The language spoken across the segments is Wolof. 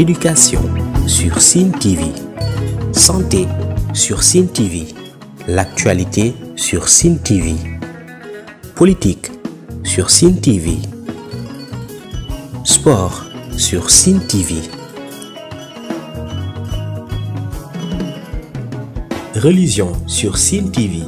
Éducation sur Cine TV. Santé sur Cine TV. L'actualité sur Cine TV. Politique sur Cine TV. Sport sur Cine TV. Religion sur Cine TV.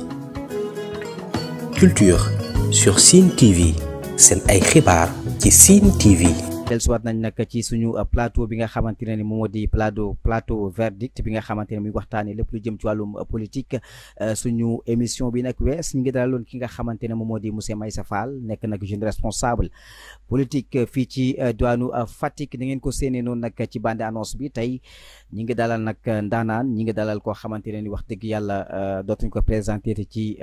Culture sur Cine TV. C'est un écrit par Cine TV. dellusiwaat nañ nag ci suñu euh, plateau bi nga xamante ne ni moom moo di plateau plateau verdict bi nga xamante ne muy waxtaanee lépp lu jëm ci wàllum euh, politique euh, suñu émission bi nag wees ñu ngi dalaloon ki nga xamante ne moom moo di monsieur Meissa nekk nag jeune responsable politique fii ci diwaanu Fatick ni ngeen ko séenee noonu nag ci bande annonce bi tey ñi ngi dalal nag ndaanaan ñi ngi dalal koo xamante ne ni wax dëgg yàlla dootuñ ko présenté ci.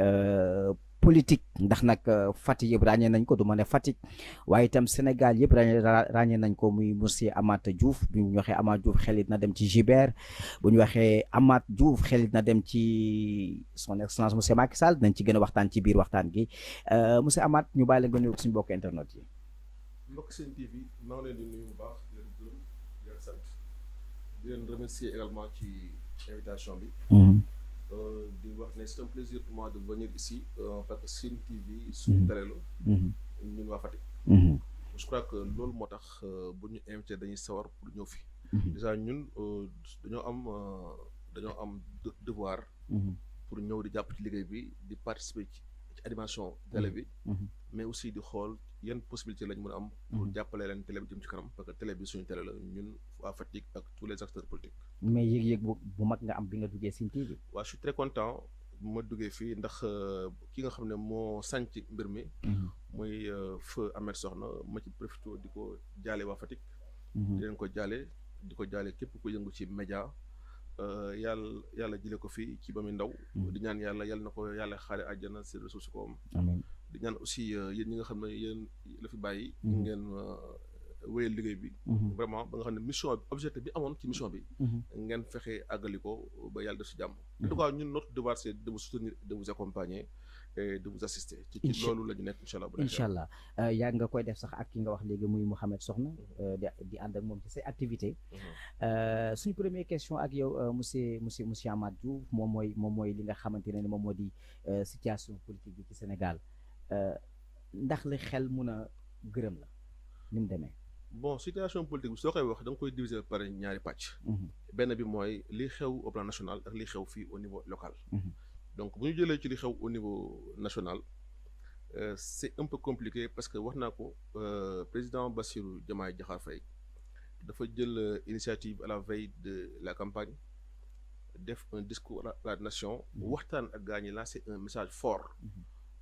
politique ndax nag euh, Fatick yëpp ràññee nañ ko du ma ne Fatick waaye itam Sénégal yëpp ràññee ràññee nañ ko muy monsieur Amath Diouf bu ñu waxee Amath Diouf xelit na dem ci gibeer bu ñu waxee Amath Diouf xelit na dem ci son excellence monsieur Macky Sall nañ ci gën a waxtaan ci biir waxtaan gi euh, monsieur amaat ñu bàyyi la nga nuyu suñu mbokk internet yi. Euh, di wax ne c'est un plaisir pour moi de venir ici parce euh, que Sine TV suñu mhm. télé la mhm. ñun waa Fatick mhm. je crois que loolu moo tax euh, bu ñu invité dañuy sawar pour ñëw fi déjà ñun dañoo am dañoo am devoir pour ñëw di jàpp ci liggéey bi di participer ci animation télé bi mais aussi di xool yan possibilité lañ mën a am. pour mhm. jàppale leen télé bi jëm ci kanam parce que télé bi suñu télé la ñun waa Fatick ak tous les acteurs politiques. mais yëg-yëg bu mag nga am bi nga duggee Sine TV. waaw je suis très content bu ma duggee fii ndax euh, ki nga xam ne moo sànc mbir mi. muy mhm. euh, feu Ahmed Soxna ma ci profité di ko jaale waa Fatick. Mhm. di leen ko jaale di ko jaale képp ku yëngu ci média. Euh, yàlla yàlla jële ko fii ci ba muy ndaw. di ñaan yàlla yàlla na ko yàlla xaare àjjana si ressource ko am. di ñaan aussi euh, yéen ñi nga xam ne yéen la fi bàyyi. Mhm. ngeen euh, wéyal liggéey bi. Mhm. vraiment ba nga xam ne mission bi bi amoon ci mission bi. Mhm. ngeen fexe àggali ko ba yàlla def si jàmm. en ñun notre devoir c'est de vous soutenir de vous accompagner. et de vous assister. ci ci loolu la ñu nekk incha allah. incha euh, yaa nga koy def sax ak ki nga wax léegi muy Mouhamed Soxna. di ànd ak moom ci say activité suñu première question ak yow monsieur monsieur monsieur Amath Diouf moom mooy moom mooy li nga xamante ne moom moo di situation politique bi ci Sénégal. ndax li xel mun a la bon situation politique bi soo koy wax da nga koy diviser par ñaari pàcc. Mhm. benn bi mooy li xew au plan national ak li xew fii au niveau local. Mhm. donc bu ñu jëlee ci li xew au niveau national. Euh, c'est un peu compliqué parce que wax naa euh, président Bassirou Diomaye Diakhar Faye dafa jël euh, initiative à la veille de la campagne def un discours à la nation mhm. waxtaan ak gagné ñi lancer un message fort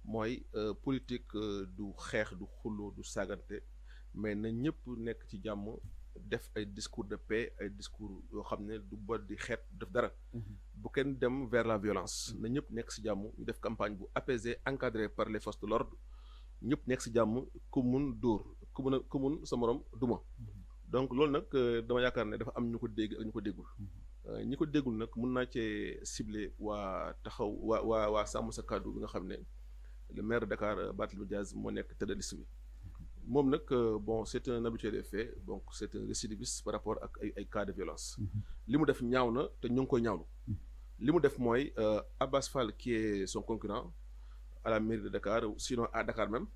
moy euh, politique euh, du xeex du xulloo du saagante mais na ñëpp nekk ci jamm def ay discours de paix ay discours yo xam du bot di xet def dara mhm. bu ken dem vers la violence na ñëpp nekk si jàmm ñu def campagne bu apaisée encadré par les forces de l'ordre ñëpp nek ci jamm ku mun dóor ku mun sa morom duma mhm. donc loolu nak euh, dama yaakaar ne dafa am ñuko ko dégg ak ñu ko déggul mhm. ñi ko déggul nag mun naa cee ciblé wa taxaw wa wa waa sa kàddu bi nga xam le maire de Dakar euh, bat Diaz est nek tête de liste bi euh, bon c'est un habitué des faits donc c'est un récidiviste par rapport à cas de violence mhm. L'imou def ñaaw te ñu ngi koy ñaawlu mhm. def mooy euh, Abbas Fall qui est son concurrent à la mairie de Dakar sinon à Dakar même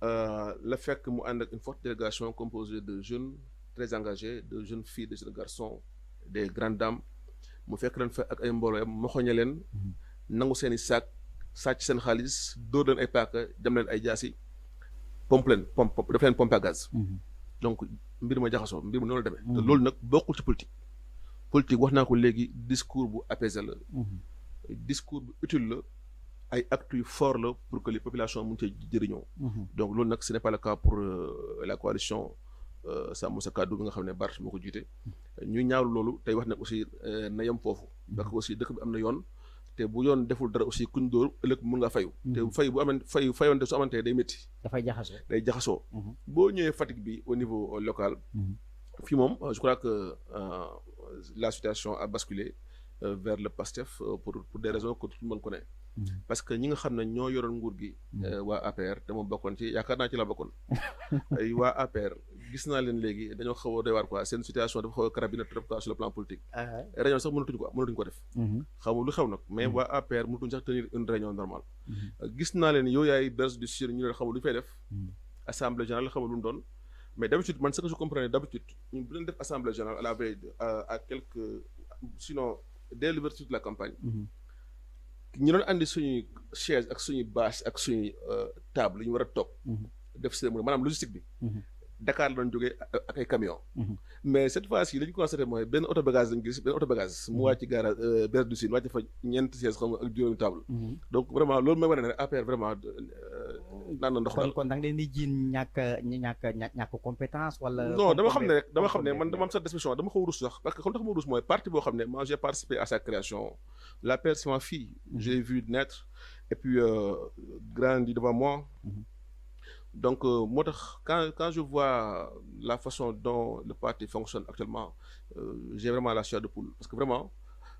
a fait mu une forte délégation composée de jeunes très engagés de jeunes filles de jeunes garçons des grandes dames mu fait leen fa ak un mbooloo sàcc sen xaalis do leen ay paaka dem len ay jaasi pompe leen pompe def leen pompe à gaz. Mhm. donc mbir ma jaxaso mbir ma la demee. Mhm. te loolu nag bokkul ci politique. politique wax naa ko léegi discours bu apaisé la. Mhm. discours bu utile la ay actes yu fort la pour que les populations mun cee jëriñoo. donc loolu nak ce n'est pas le cas pour euh, la coalition. Euh, sàmm sa kàddu bi nga xamné ne Barth moo ñu ñaawlu loolu tay wax nak aussi euh, nayam fofu parce que aussi dëkk bi amna yoon té bu yoon deful dara aussi kuñ dóor ëllëg mu nga fayu té mhm. fay bu aman fay fayonte su amantee day da fay jaxaso day jaxaso mhm. bo ñëwee Fatick bi au niveau euh, local mhm. fi mom euh, je crois que euh, la situation a basculé vers le PASTEF pour pour des raisons que tout le monde connaît Mm. parce que ñi nga xam ne ñoo yoroon nguur gi. Mm. Euh, waa APR te moom bokkoon ci yaakaar naa ci la bokkoon. ay waa APR gis naa leen léegi dañoo xaw a doy waar quoi seen situation dafa xaw a carabine trop quoi sur le plan politique. Ah réunion sax mënatuñ ko mënatuñ ko def. Mm-hmm. xamul lu xew nag mais mm-hmm. waa APR mënatuñ sax tenir une réunion mm-hmm. euh, gis naa leen yow yaay berse du sur ñu leen xamul lu ñu def. assemblée générale xamul lu mu doon. mais d' habitude man ce que je comprenais d' habitude ñun bu leen la veille euh, ñu doon andi suñuy chaise ak suñuy bâche ak suñuy euh, table yi ñu war a toog. Mm-hmm. def cérémonie maanaam logistique bi. Mm-hmm. Dakar la doon euh, ak ay camion mhm. mais cette fois ci li ñu constaté mooy benn auto bagage lañu gis ben auto bagage mu mhm. wàcc garage euh, Berge du Sine wàcc fa ñent ses xam nga ak juróomi table mhm. donc vraiment lool mooy wane né APR vraiment euh, naan na ndox daal kon da nga leen di jiin ñàkk ñàkk ñàkk compétence wala non dama xamné rek dama xamné man dama am sa discussion dama ko rouss sax parce que xam tax mo rouss moy parti bo xamné ne moi j'ai participé à sa création la personne ma fille j'ai vu naître et puis euh, grandi devant moi donc, euh, quand, quand, je vois la façon dont le parti fonctionne actuellement, euh, j'ai vraiment la chair de poule. Parce que vraiment,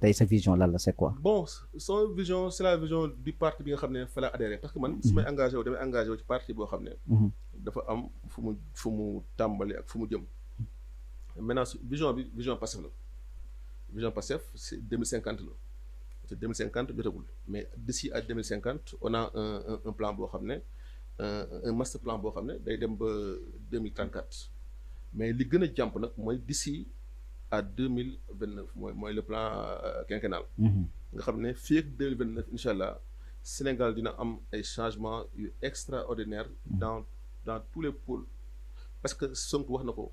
tey sa vision là la c'est quoi. bon son vision c'est la vision du parti bi nga xamné ne fa parce que man. su mhm. engagé wu damay engagé wu ci parti bo xamné mhm. dafa am fu mu fu mu ak jëm. maintenant vision bi vision Pastef la vision Pastef c'est 2050 la c'est 2050 jotagul mais d'ici à 2050 on a un un, plan pour xamné un, master plan pour xamné day dem ba 2034 mais li gëna a nak moy d'ici à 2029, moy moy le plan euh, quinquennal. Mm-hmm. nga xamné ne 2029, inshallah, Sénégal dina am ay changements yu extraordinaires mm-hmm. dans dans tous les pôles parce que Sonko wax na ko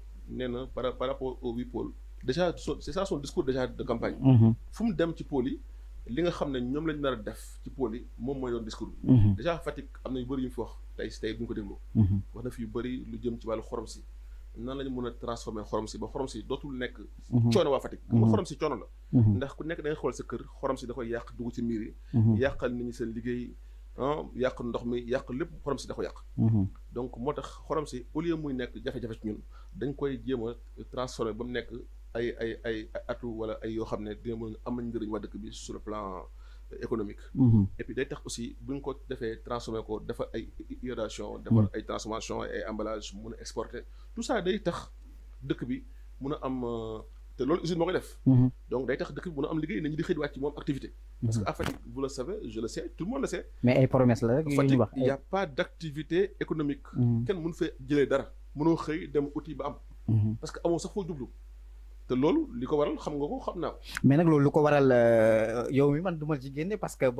par par rapport aux huit pôles déjà c'est ça son discours déjà de campagne. Mm-hmm. Fum mu dem ci pôles yi. li nga xamné ñom lañ nar def ci pôle yi moom mooy discours déjà fatik amna yu bari yu mu fi wax tey si tey bu ñu ko dégloo. wax na fi yu bari lu jëm ci wàllu xorom si. nan la ñu mën a transformer xorom si ba xorom si dootul nekk. Mhm. coono waa Fatick. bu mhm. xorom si coono la. Mhm. ndax ku nekk da ngay sa kër xorom si da koy yàq dugg ci miir yi. yàqal nit ñu seen liggéey ah, yàq ndox mi yàq lépp xorom si da ko yàq. donc moo tax xorom si au lieu muy nekk jafe-jafe ci ñun dañ koy jéem a ba mu nekk ay ay ay atu wala ay yoo xam ne dina mën a am njëriñ waa dëkk bi sur le plan. économique mhm. et puis day tax aussi bu ñu ko defee transformé ko defar ay iodation mhm. defar ay transformation ay emballage mun a exporter tout ça day tax dëkk bi mun a am euh, te loolu usine moo koy def mhm. donc day tax dëkk bi mun a am liggéey nañu di xëy di wàcc moom activité parce que à Fatick vous le savez je le sais tout le monde le sait mais ay promesses là, rek ñu wax il y a pas d'activité économique kenn mun fee jëlee dara mënoo xëy dem outil ba am parce que amoo sax foo jublu te loolu waral xam nga ko xam mais parce que ni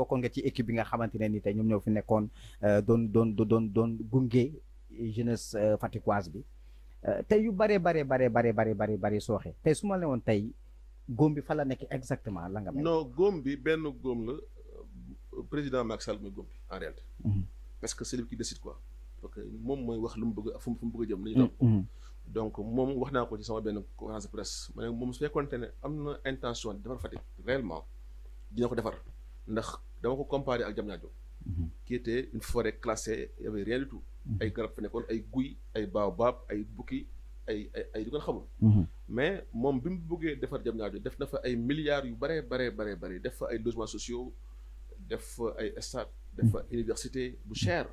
jeunesse la président en parce que lui qui décide quoi. fu donc moom wax naa ko ci sama benn conférence de presse ma ne moom su fekkoonte ne am na intention defar Fatick réellement dina ko defar ndax dama ko comparé ak Diamniadio mhm. qui était une forêt classée y avait rien du tout mhm. ay garab fa nekkoon ay guy ay baobab ay bukki ay ay ay du ngeen xamul mhm. mais moom bi mu bëggee defar Diamniadio def na fa ay milliards yu bare bare bare bare def fa ay logements sociaux def fa ay stade def fa université bu cher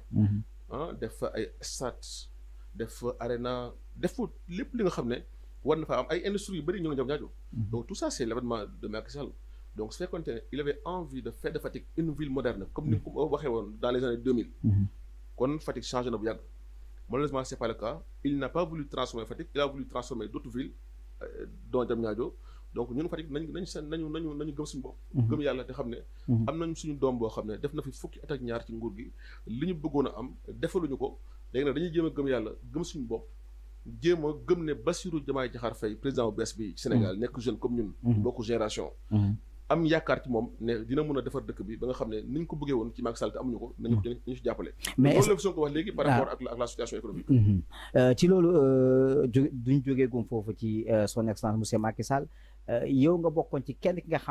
ah def fa ay stade def fa arena defu lepp li nga xam ne war na fa am ay industries yu bëri ñu ngi jam mhm. donc tout ça c'est l'événement de Macky Sall donc c'est fekkoon ne il avait envie de faire de Fatick une ville moderne comme ni nga mhm. ko dans les années 2000. Mhm. kon Fatick changé na bu yàgg malheureusement c'est pas le cas il n'a pas voulu transformer Fatick il a voulu transformer d'autres villes euh, dont jam donc ñun Fatick nañ nañ nañu nañu nañu gëm suñu bopp gëm yalla te xam am nañ suñu dom bo xam def na fi fukki at ak ñaar ci nguur gi li ñu bëggoon am defaluñu ko léegi nag dañuy jéem gëm yalla gëm suñu bopp jéem gëm né Bassirou Diomaye jaxar fay président bu bees bi Sénégal mm-hmm. nekk jeune comme ñun mm-hmm. bokk génération mm-hmm. am yaakaar ci mom né dina mëna a dëkk bi ba nga xamné niñ ko bëggé won ci Macky Sall te amuñu ko nañu ñu jappalé mais loolu la Sonko wax léegi par ah. rapport ak la situation économique euh ci loolu euh, duñ joggé jógeegum fofu ci euh, son excellence monsieur Macky Sall euh, yow nga ci kenn ki nga est-ce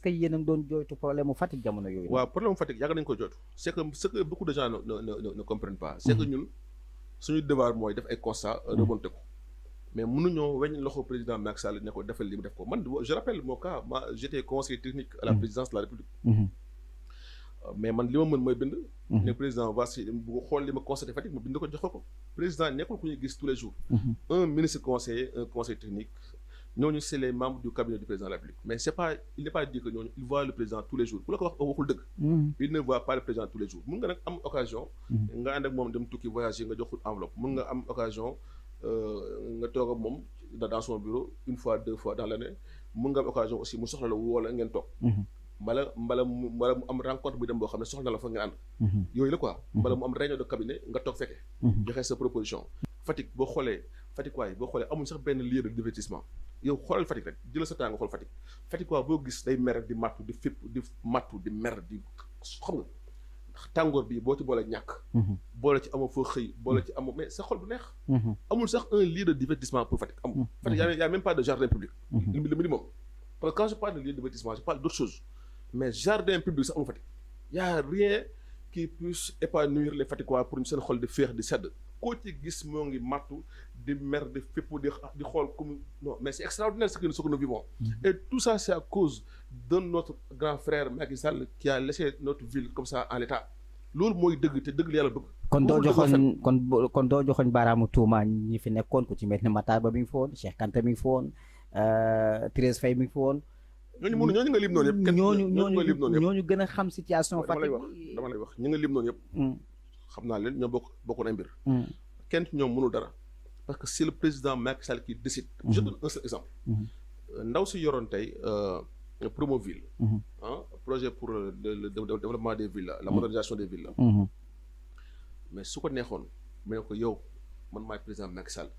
que yéen a ngi problème problème c'est que beaucoup de gens ne comprennent pas. c'est que mm-hmm. ñun suñu devoir mooy def ay constat euh, mm-hmm. remonté ko mais mënuñoo weñ loxo président Sall je rappelle mon cas j'étais conseiller technique à la mm-hmm. présidence de la République mais man li ma mën mooy bind. Mhm. ne président voici bu xool li ma constaté Fatick ma bind ko jox ko président nekkul ku ñuy gis tous les jours. Mhm. un ministre conseiller un conseil technique. ñooñu c'est les membres du cabinet du président de la République mais c'est pas il n'est est pas dit que ñooñu il voit le président tous les jours ku la ko wax waxul deug mhm. il ne voit pas le président tous les jours mën nga nak am occasion. nga ànd ak mom dem tukki voyager nga joxul enveloppe mën nga am occasion euh, nga toog ak mom dans son bureau une fois deux fois dans l'année. mën nga am occasion aussi mu soxla la woo la ngeen toog mbala mbala mu mbala mu am rencontre bu dem boo xam ne soxla la fa nga ànd mhm. yooyu la quoi mhm. mbala mu am réunion de cabinet nga toog fekke mhm. joxe sa proposition Fatick boo xoolee Fatick waay boo xoolee amul sax benn lieu de divertissement yow xoolal Fatick rek jël sa temps nga xool Fatick Fatick waay boo gis day mer di matu di fépp di matu di mer di xam nga tàngoor bi boo ci boole ñàkk boole ci amoo foo xëy boole ci amoo mais sa xol bu neex amul sax un lieu de divertissement pour Fatick amul Fatick y a même pas de jardin public le minimum parce que quand je parle de lieu de divertissement je parle d'autre chose mais jardin public sax amu il y a rien qui puisse épanouir les Fatickois pour une seule xol de féex de sedd koo ci gis moo ngi màttu di mer di fépp di di comme non mais c'est extraordinaire ce que nous vivons mm-hmm. et tout ça c'est à cause de notre grand frère Macky Sall qui a laissé notre ville comme ça en l'état lool moy deug te deug yalla yàlla bëgg kon do joxoñ kon kon do joxoñ baramu touma ñi fi nekkoon ko ci mel ne Matar Ba mi ngi Cheikh Kanté mi ngi fi woon euh, Thérèse mi ngi nous situation. parce que si le président Macky qui décide. Mm-hmm. je donne un seul exemple. Mm-hmm. Euh, ndaw si un euh, mm-hmm. hein, projet pour euh, le développement des villes la modernisation des villes mais ce ko a man président Macky Sall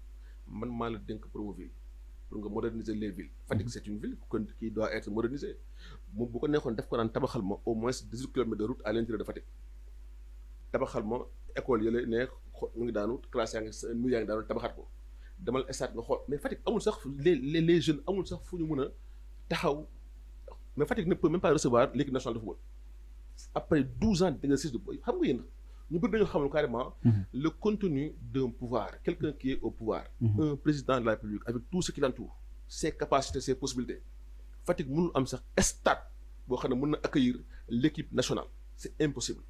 man Promoville pour moderniser les villes Fatick mhm. c'est une ville qui doit être modernisée moom bu ko un def ko naan tabaxal au moins 18 kilomètres de route à l'intérieur de Fatick tabaxal école yële ne ñu ngi daanu classe yaa ngi nu yaa ngi daanu ko demal estaat mais Fatick amul sax les les les jeunes amul sax fu ñu mais Fatick ne peut même pas recevoir l'équipe nationale de football après 12 ans d'exercice de xam nga a? ñu bëri dañoo xamul carrément. Mhm. le contenu d'un pouvoir quelqu'un qui est au pouvoir. Mhm. un président de la République avec tout ce qui l'entoure ses capacités ses possibilités Fatik mënul am sax stade boo xam accueillir l'équipe nationale c'est impossible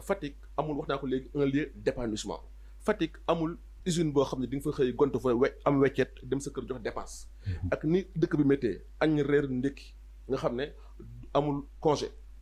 Fatik amul wax naa un lieu d'épanouissement Fatik amul usine boo xam ne di nga fa xëy gontu we am weccet dem sa kër jox dépense mhm. ak ni dëkk bi méttee añ reer ndékki nga xam ne amul congé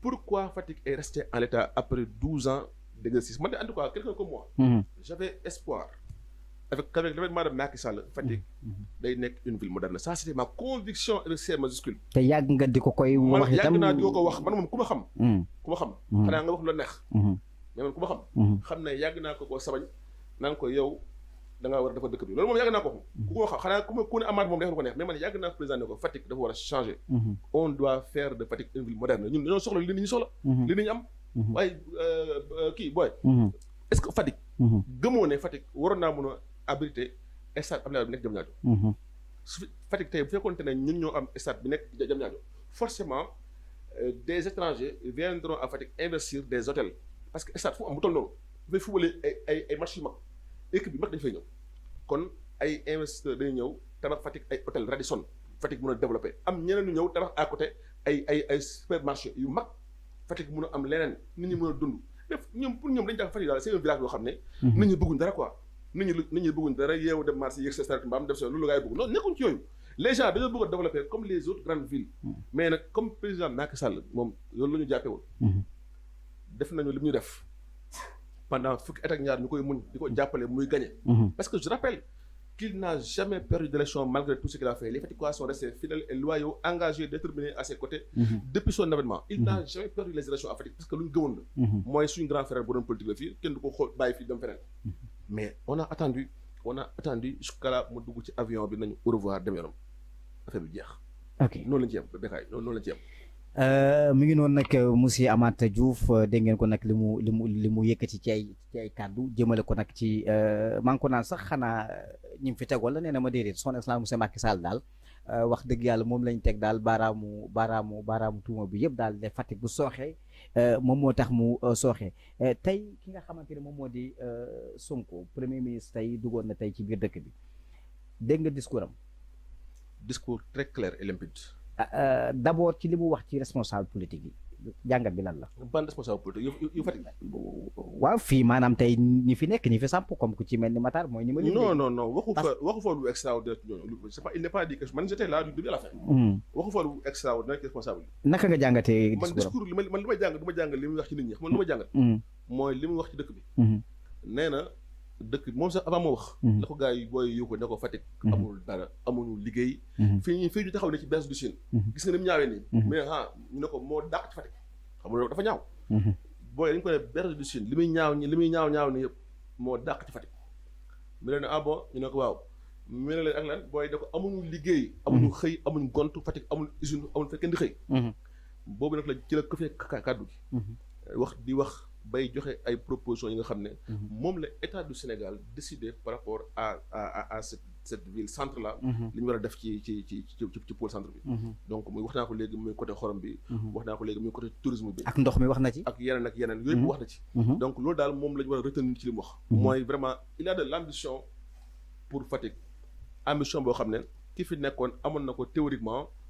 pourquoi Fatik est resté en l'état après 12 ans d'exercice en tout cas, quelqu'un comme moi, mhm. j'avais espoir. Avec, avec l'événement de Macky Sall, Fatik, mhm. mhm. day mmh. une ville moderne. Ça, c'était ma conviction avec ces majuscules. te yàgg nga di a koy wax itam yàgg naa di ko ko wax man moom ku ma xam. ku ma xam. xanaa nga wax lu neex. mais man ku ma xam. xam ne yàgg naa ko koo sabañ naan ko yow da ngaa war a dëkk bi loolu moom yàgg naa ko wax ku ko wax xanaa ku ma ku ne amaat moom def na ko neex mais man yàgg naa présenté ko Fatick dafa war a changer mhm. on doit faire de Fatick une ville moderne ñun dañoo soxla li nit ñi soxla mhm. li nit ñi am mhm. waaye euh, kii booy est-ce que Fatick gëmoo ne Fatick waroon naa mën a abriter stade Abdoulaye bi nekk jam ñaajo su Fatick tey bu fekkoonte ne ñun ñoo am stade bi nekk jëm ñaajo forcément euh, des étrangers viendront à Fatick investir des hôtels parce que stade fu am bu toll noonu dafay footballer ay ay ay match yu mag équipe bi mag dañ fay ñëw kon ay investisseurs day ñëw tabax Fatick ay hôtel Radisson Fatick mun a développé am ñeneen ñu ñëw tabax à côté ay ay ay supermarché yu mag Fatick mun a am leneen nit ñi mun a dund def ñoom pour ñoom dañu jàpp Fatick daal c'est village boo xam ne mhm. nit ñi bëgguñ dara quoi nit ñi nit ñi bëgguñ dara yeewu dem marché yëg sa saret mbaam def sa loolu gars yi bëgg noonu nekkuñ ci yooyu les gens dañoo bëgg a développé comme les autres grandes villes mhm. mais moom loolu la ñu jàppe woon mhm. def nañu li ñu def pendant que at ñaar muñ gagné. Mhm. parce que je rappelle qu'il n'a jamais perdu d'élection malgré tout ce qu'il a fait les Faticois sont restés fidèles et loyaux engagés déterminés à ses côtés. Mhm. depuis son avènement. il n'a mhm. jamais perdu les élections à parce que nous, nous, moi je suis un grand frère pour une politique de vie ne peut pas mais on a attendu on a attendu jusqu'à la mort avion au revoir dem affaire bi jeex. ok Euh, mu ngi noonu nag euh, monsieur Amath Diouf euh, dégg ngeen ko nag li mu li mu li mu yëkkati ci ay ci ay kàddu jëmale ko nag ci maa ngi ko sax xanaa ñi fi tegoon la nee na ma déedéet son excellence monsieur Macky Sall daal wax dëgg yàlla moom lañ teg daal baaraamu baaraamu baaraamu tuuma bi yëpp daal ne Fatick bu sooxee moom moo tax mu sooxee tey ki nga xamante ne moom moo di Sonko premier ministre tey duggoon na tey ci biir dëkk bi dégg nga discours am. discours très clair et Eh, d'abord ci li mu wax ci responsable politique yi jàngat bi lan la ban responsable politique yu yu fa waaw fii maanaam tey ni fi nekk ni fi sàmp comme ku ci mel ni matar mooy ni ma non non non waxu fa waxu fa lu extraordinaire ci ñooñu c' pas il n' pas dit que man j' là du début à la fin. waxu fa lu extraordinaire responsable naka nga jàngatee. man discours li man li ma jàng du ma jàng li muy wax ci nit ñi man lu ma jàng. mooy li wax ci dëkk bi. Hmm. nee na dëkk moom sax avant moo wax. Mhm. la ko gars yi booy yu ko ne ko Fatick. Mhm. amul dara amuñu liggéey. Mhm. fii ñu fii ñu taxaw ne ci benn solution. gis nga ni mu ñaawee nii. mais ah ñu ne ko moo dàq ci Fatick xam nga loolu dafa ñaaw. booy dañu ko ne benn solution li muy ñaaw li muy ñaaw ñaaw yëpp moo dàq ci Fatick. mu ne ah bon ñu ne ko waaw mu ne leen ak lan booy da ko amuñu liggéey. amuñu xëy amuñu gontu Fatick amul usine amul fekk kenn di xëy. boobu nag la ci la ko fekk kàddu gi. wax di wax. bay joxe ay propositions yi nga mhm. état du Sénégal décidé par rapport à à cette ville centre là. Mhm. li ñu def ci ci centre bi. Mhm. donc muy waxna ko légui côté xorom bi. waxna ko légui muy côté tourisme bi. ak ndox mi waxna ci. ak yeneen ak yeneen ci. donc la wara retenir ci lim wax. vraiment il a de l'ambition pour Fatik. ambition bo ki théoriquement.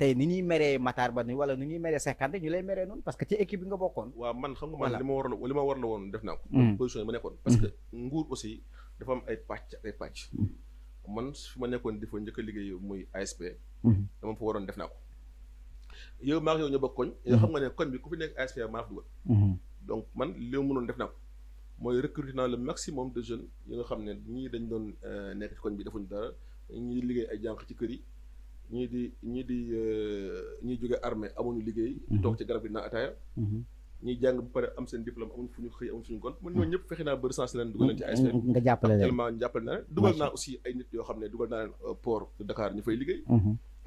tey ni ñuy meree Matar Ba ni wala ni ñuy meree cinquante ñu lay meree noonu parce que ci équipe bi nga bokkoon. waaw man xam nga man li ma war la woon def naa ko. Mm. position yi ma nekkoon. parce que mm. nguur aussi dafa am ay pàcc ay pàcc. Mm. man fi ma nekkoon di fa njëkk a liggéey muy ASP. dama fa waroon def naa ko. yow maa ngi yow ñu bokk koñ. yow xam nga ne koñ bi ku fi nekk ASP maa fa dugal. Mm-hmm. donc man li mënoon def naa ko. mooy recruter naa le maximum de jeunes yi nga xam ne ñii dañ doon euh, nekk ci koñ bi defuñu dara ñii liggéey ay jànq ci kër yi. ñii di ñii di euh, ñiy jóge armée amuñu liggéey. di mhm. ci garab gi naan ataaya. Mhm. ñiy jàng ba pare am seen diplôme amuñu ñu man ñooñu mhm. ñëpp fexe naa ba recensé leen dugal leen ci ASP. nga jàppale leen actuellement jàppale naa yoo xam ne dugal naa euh, fay liggéey.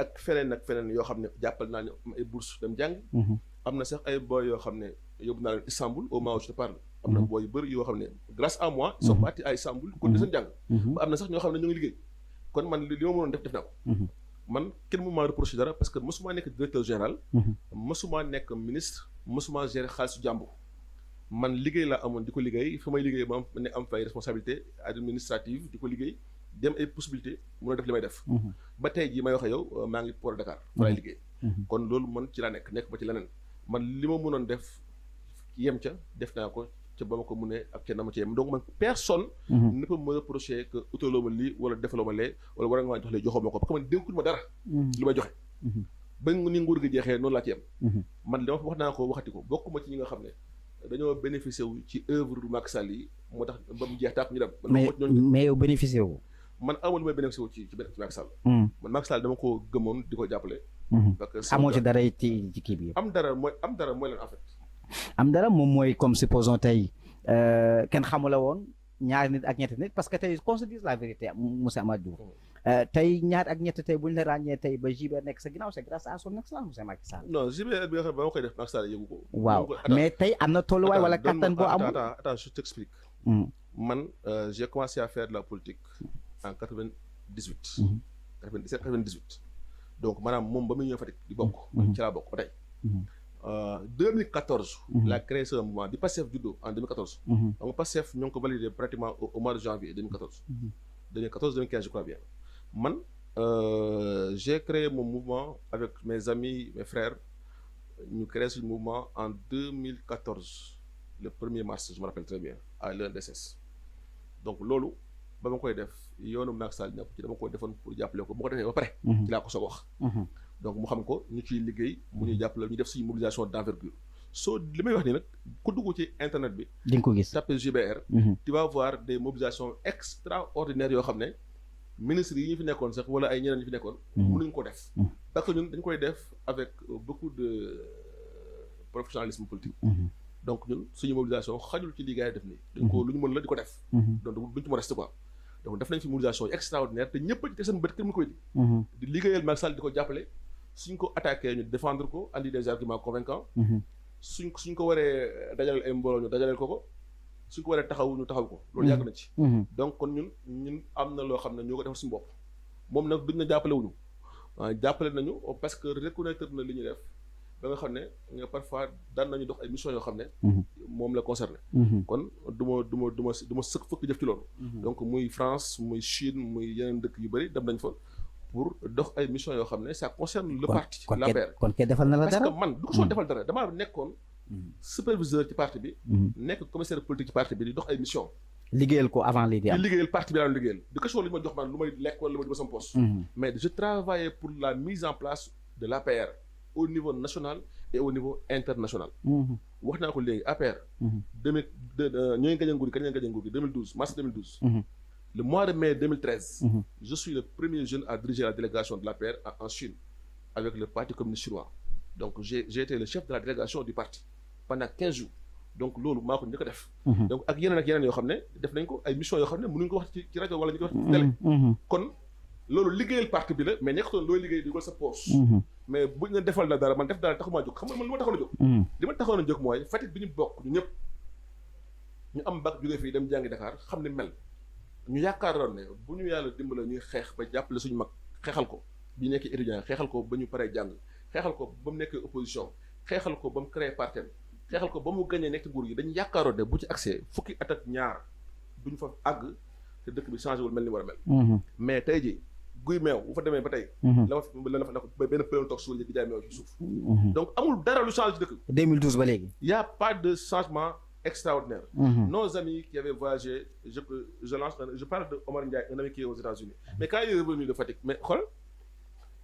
ak feneen ak feneen yoo xam ne jàppale naa ñu ay bourse dem jàng. am na sax ay boy yoo xam ne yóbbu naa leen Istanbul au moment où je yu bëri yoo xam ne grâce à moi. ils sont partis à Istanbul. kon de seen jàng. ba am na sax ñoo xam ne ñu ngi liggéey kon man li moo mënoon def def naa ko man kenn mu maa reproché dara parce que mësuma nekk directeur général. Mhm. suma nekk ministre mësuma gérer xaalisu jàmbur. man liggéey laa amoon di ko liggéey fi may liggéey ma am ne am fay responsabilité administrative di ko liggéey dem ay possibilité mun a def li may def. Mhm. ba tey jii may wax yow euh, maa ngi port Dakar. fa mhm. liggéey. kon loolu man ci laa nekk nekk ba ci leneen man li ma mënoon def yem ca def naa ko ca ba ma ko mënee ak ca na ma ci yem man personne mhm. ne peut me que utaloo lii wala defaloo ma lee nga jox lee joxoo ko parce que man dénkut ma dara mhm. mhm. gi jeexee noonu laa ci yem man dama wax naa ko waxati ko bokk ma ci ñi nga xam ne dañoo bénéficié wu ci œuvre Macky Sall yi moo tax ba mu jeex tàkk ñu dem mais mais wu man amoon lu may bénéficié wu ci ci Macky man Macky dama ko gëmoon di ko jàppale parce que amoo ci bi am dara mooy am dara mooy leen en am dara moom mooy comme supposons euh ken xamula woon ñaari nit ak ñetti nit parce que tay qu'on la vérité Moussa Amadou mm. euh tay ñaar ak ñett tay buñ la ràññee tay ba jibe nek sa ginaaw c'est grâce à son excellence Moussa Macky Sall. non jibe bi nga xam ba ma koy def Macky Sall yëgu ko. waaw mais tay amna na tolluwaay wala kattan bo am attends attends je t'explique. Mm. man euh, j'ai commencé à faire de la politique en 98 vingt dix huit donc maanaam mom ba muy ñëw Fatick di bokk. Mm. ci la bokk tay tey. Euh, 2014, mm -hmm. la création d'un mouvement du PASSEF Judo en 2014. Mm -hmm. Donc, PASSEF, nous avons validé pratiquement au, mois de janvier 2014. 2014-2015, mhm. je crois bien. Man, euh, j'ai créé mon mouvement avec mes amis, mes frères. Nous créons ce mouvement en 2014, le 1er mars, je me rappelle très bien, à l'UNDSS. Donc, Lolo, je vais je suis un train de temps pour Je vais faire un de temps pour donc mu xam ko ñu ciy liggéey mu ñuy jàppale ñu def suñu mobilisation d'envergure soo li may wax nii nag ku dugg ci internet bi. di ko gis tapé GBR. Mhm. tu vas voir des mobilisations extraordinaires yoo xam ne ministres yi ñu fi nekkoon sax wala ay ñeneen ñu fi nekkoon. Mhm. mënuñ ko def. Mhm. parce que ñun dañ koy def avec euh, beaucoup de euh, professionnalisme politique. donc ñun suñu mobilisation xajul ci liggéey def nii. dañ ko lu ñu mën la di ko def. donc duñ ci mën a quoi. donc def nañ fi mobilisation extraordinaire te ñëpp a ci seen bët kenn mu koy di. di liggéeyal Macky Sall di ko jàppale. suñ ko attaqué ñu défendre ko andi des arguments convaincants. Mhm. suñ suñ ko waree dajaleel ay mbooloo ñu dajaleel ko ko suñ ko waree taxaw ñu taxaw ko. loolu yàgg na ci. Mhm. Mhm. donc kon ñun ñun am na loo xam ne ñoo ko defal suñu bopp. moom nag duñ na jàppale wuñu waaw jàppale nañu parce que reconnaître na li ñuy def ba nga xam ne nga parfois daan nañu dox ay mission yoo xam ne. moom la concerné. kon du ma du ma du ma du ma fëkk jëf ci loolu. donc muy France muy Chine muy dëkk yu bëri dem nañ fa. pour dox ay mission yo xamné ça concerne le parti paire. kon kay defal na la dara parce que man du ko mm. defal dara dama nekkoon mm. superviseur ci parti bi mm. nekk commissaire politique ci parti bi di dox ay mission liggéeyal ko avant lii di am parti bi daan liggéeyal du question li ma dox man lu may lekk wala lu ma di sama poste mm-hmm. mais je travaillais pour la mise en place de la paire au niveau national et au niveau international mm-hmm. wax naa ko léegi APR mm-hmm. deux euh, kañ 2012 mars 2012 le mois de mai 2013, mhm. je suis le premier jeune à diriger la délégation de la paix en Chine avec le Parti communiste chinois. Donc j'ai été le chef de la délégation du parti pendant 15 jours. donc loolu maa ko def. Mhm. donc ak yeneen ak yeneen yoo xam ne def nañ ko ay mission yoo xam ne mënuñ ko wax ci ci rajo wala ñu ko wax ci télé. Mhm. kon loolu liggéeyal parti bi la mais nekkatoon looy liggéey di ko sa poche. mais buñ la defal na dara man def dara taxumaa jóg xam nga man li ma taxoon a jóg. li ma taxoon a jóg mooy Fatick bokk ñu ñu am bac jógee fii dem jàngi Dakar xam mel. ñu yaakaaroon ne bu ñu yàlla dimbale ñuy xeex ba jàppale suñu mag xeexal ko bi nekkee étudiant xeexal ko ba ñu paree jàng xeexal ba mu nekkee opposition xeexal ko ba mu créé partem xeexal ko ba mu gañee nekk nguur gi dañu yaakaaroon ne bu ci accès fukki at ak ñaar duñu fa àgg te dëkk bi changé wul mel ni war a mel mhm. mais tey ji guy meew bu fa demee ba tey mhm. la la la benn pëloon toog suul di jaay meew suuf mhm. donc amul dara lu changé dëkk 2012 ba léegi y' a de changement extraordinaire. Mhm. Nos amis qui avaient voyagé, je, je, lance, je parle de Omar Ndiaye, un ami qui est aux États-Unis. Mais quand il est revenu de Fatigue, mais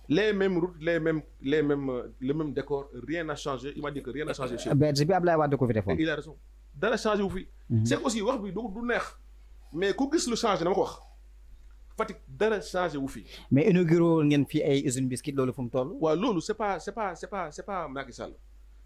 les mêmes routes, les mêmes, les mêmes, euh, le même décor, rien n'a changé. Il m'a dit que rien n'a changé chez lui. Ah, ben, il a raison. Dans la change, oui. Mhm. C'est aussi, il y a Mais quest changé, le change, je Fatick dara changé wu mais inauguré ngeen fi ay usine biscuit loolu fu mu toll. waaw loolu c' pas c'est pas c'est pas c'est pas Macky Sall.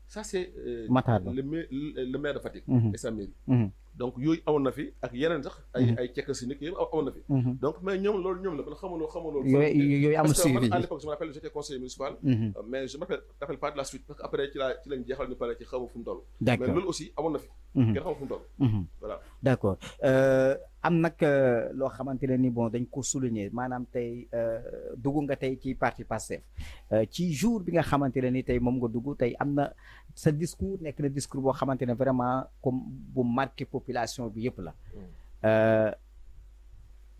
ça c'est euh, le, le, maire de Fatick mm-hmm. et sa mairie mm-hmm. donc yoy amoon fi ak yenen sax. ay mhm. ay cekk si nit yëpp amoon fi. Mhm. donc mais ñom lool ñom la ko xamono xamono yoy yoy am suivi parce à l'époque je me rappelle j'étais conseiller municipal. Mhm. Euh, mais je me rappelle pas de la suite parce que après ci la ci lañ jéxal ñu pare ci xamu fu mu mais loolu aussi amoon fi. kenn xamu fu mu voilà d'accord euh am nak euh, lo xamantene ni bon dañ ko souligner manam tay euh dugg nga tay ci parti Pastef euh, ci jour bi nga xamantene ni tay mom nga dugg tay amna ce discours que le discours vraiment comme bu marqué population bi yëpp la. Mm. Euh,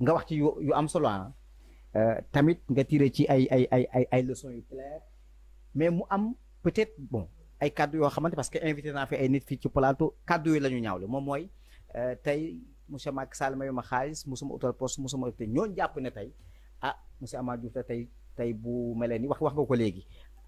nga wax ci yu am solo hein. euh, tamit nga tiré ci ay mais peut-être bon ay parce que invité fi ay nit ci plateau la euh, monsieur Macky Sall poste ah, monsieur amadou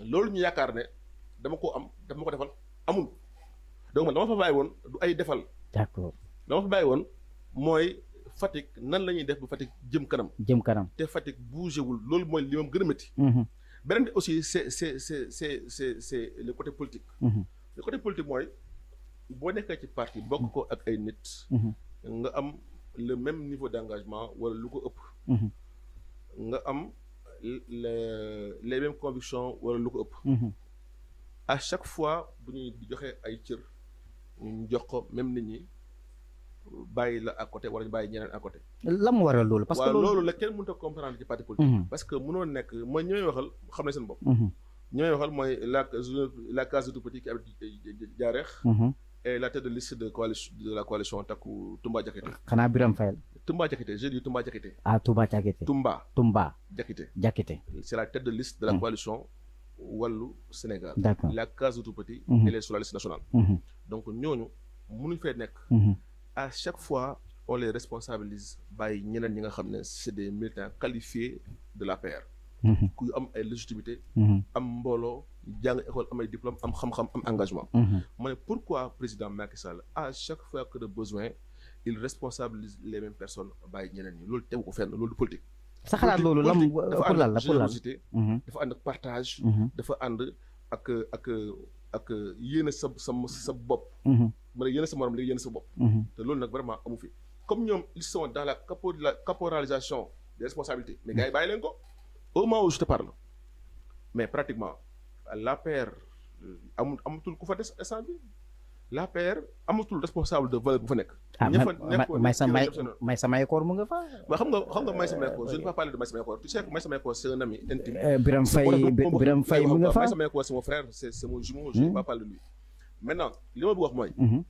loolu ñu yaakaar ne dama ko am dama ko defal amul donc man dama fa bàyyi woon du ay defal. d'accord dama fa bàyyi woon mooy Fatick nan la ñuy def bu Fatick jëm kanam. jëm kanam te Fatick bougé wul loolu mooy li ma gën a métti. Mhm. beneen bi aussi c'est c'est c'est c'est c'est c'est le côté politique. Mhm. le côté politique mooy boo nekkee ci partie bokk ko ak ay nit. Mhm. nga am le même niveau d'engagement wala lu ko ëpp. nga am. les les mêmes convictions wala lu ko -hmm. à chaque fois bu ñuy joxe ay cër ñu jox ko même nit ñi la à côté wala ñu bàyyi ñeneen à côté. lan moo waral loolu. parce que loolu la kenn mënta comprendre ci parti politique. Mhm. parce que mënoo nek mooy ñoy waxal xamné nañ seen bopp. Mhm. ñoy waxal moy la la case du politique qui euh, mhm. et la tête de liste de coalition de la coalition Takku tumba Diakhaté. xana biram Faye Tumba dis j'ai dit Toumba Diakité. Ah, Tumba Tumba, Tumba, C'est la tête de liste de la hum. coalition Wallou Sénégal. D'accord. La case de tout petit, elle est sur la liste nationale. Donc, nous, nous, nous, nous, à chaque fois, on les responsabilise par c'est des militants qualifiés de la paire. qui ont une légitimité, un mbolo, un diplôme, un xam-xam, engagement. Pourquoi président Macky Sall, à chaque fois que de besoin, il responsabilise les mêmes personnes bàyyi ñeneen ñi loolu tegu ko fenn loolu politique. sa xalaat loolu lam pour lan la pour lan dafa ànd ak partage. Mhm. dafa ànd ak ak ak yéene sa sa sa bopp. ma mhm. ne yéene sa morom léegi yéene sa bopp. Mhm. te loolu nag vraiment amu fi comme ñoom ils sont dans la capo la caporalisation des responsabilités. mais gars yi bàyyi leen ko. au moment où je te parle mais pratiquement la paire euh, amul amatul ku fa des instant bi la l'APR amatul responsable de valeur bu fa nekk. Ah, ñëpp may sa may may sa mu nga fa. xam nga xam nga may sa Mayakor je ne peux pas parler de may sa Mayakor tu sais que may sa Mayakor c'est euh, mu nga fa may mon frère c'est mon jumeau. je ne hmm. peux pas parler de li ma bëgg wax mooy. Mm-hmm.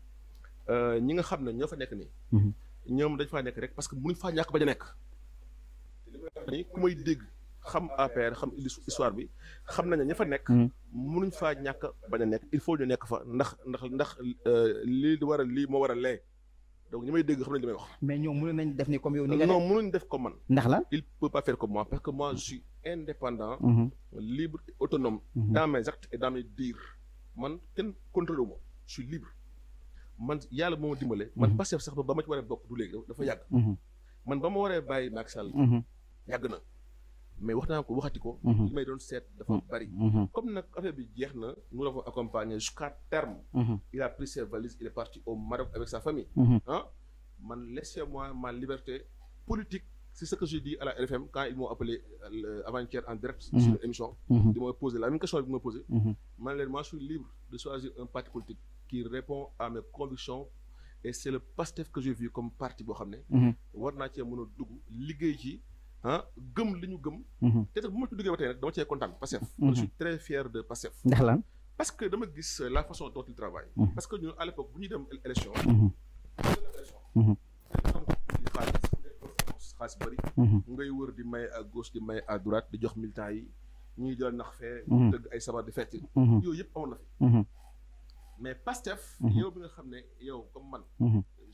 Euh, ñi nga xam ne ñoo fa nekk nii. Mm-hmm. ñoom dañ faa nekk rek parce que mënuñ faa ñàkk ba ñu nekk. te li ku may dégg. xam APR xam histoire bi xam nañ ñafa nek mënuñ fa hmm. ñàkk baña nek il faut ñu nek fa ndax ndax ndax euh, li di a li mo war lé donc ñi may dégg xam nañ li may wax. mais ñoom mënuñ nañ def ni comme yow. ni nga non mënuñ def comme man. ndax la il peut pas faire comme moi parce que moi je suis indépendant. Hmm. libre et autonome. Hmm. dans mes actes et dans mes dires man ken contrôle mo je suis libre man yàlla mo dimbalé man passé sax ba ma ci war a bokk du léegi dafa yag man ba ma waree baye Macky Sall. yàgg na mais wax ko dit, mhm. li dafa mhm. bari. Mhm. comme nag affaire bi nous l'avons accompagné jusqu'à terme. il a pris ses valises il est parti au Maroc avec sa famille. Ah, man laissez-moi ma liberté politique. c'est ce que j'ai dit à la RFM quand ils m'ont appelé euh, avant-hier en direct sur l'émission. Ils m'ont posé la même question je suis libre de choisir un parti politique qui répond à mes convictions. Et c'est le PASTEF que j'ai vu comme parti. Je suis libre de Hein? gëm je suis très fier de Pastef. parce que dama gis euh, la façon dont il travaille. Mhm. parce que à l'époque bu avons mhm. dem élection. Mhm. xaalis bari ngay wër à gauche di may à droite di jox militant yi ñuy jël nax fee avons ay sabar mais Pastef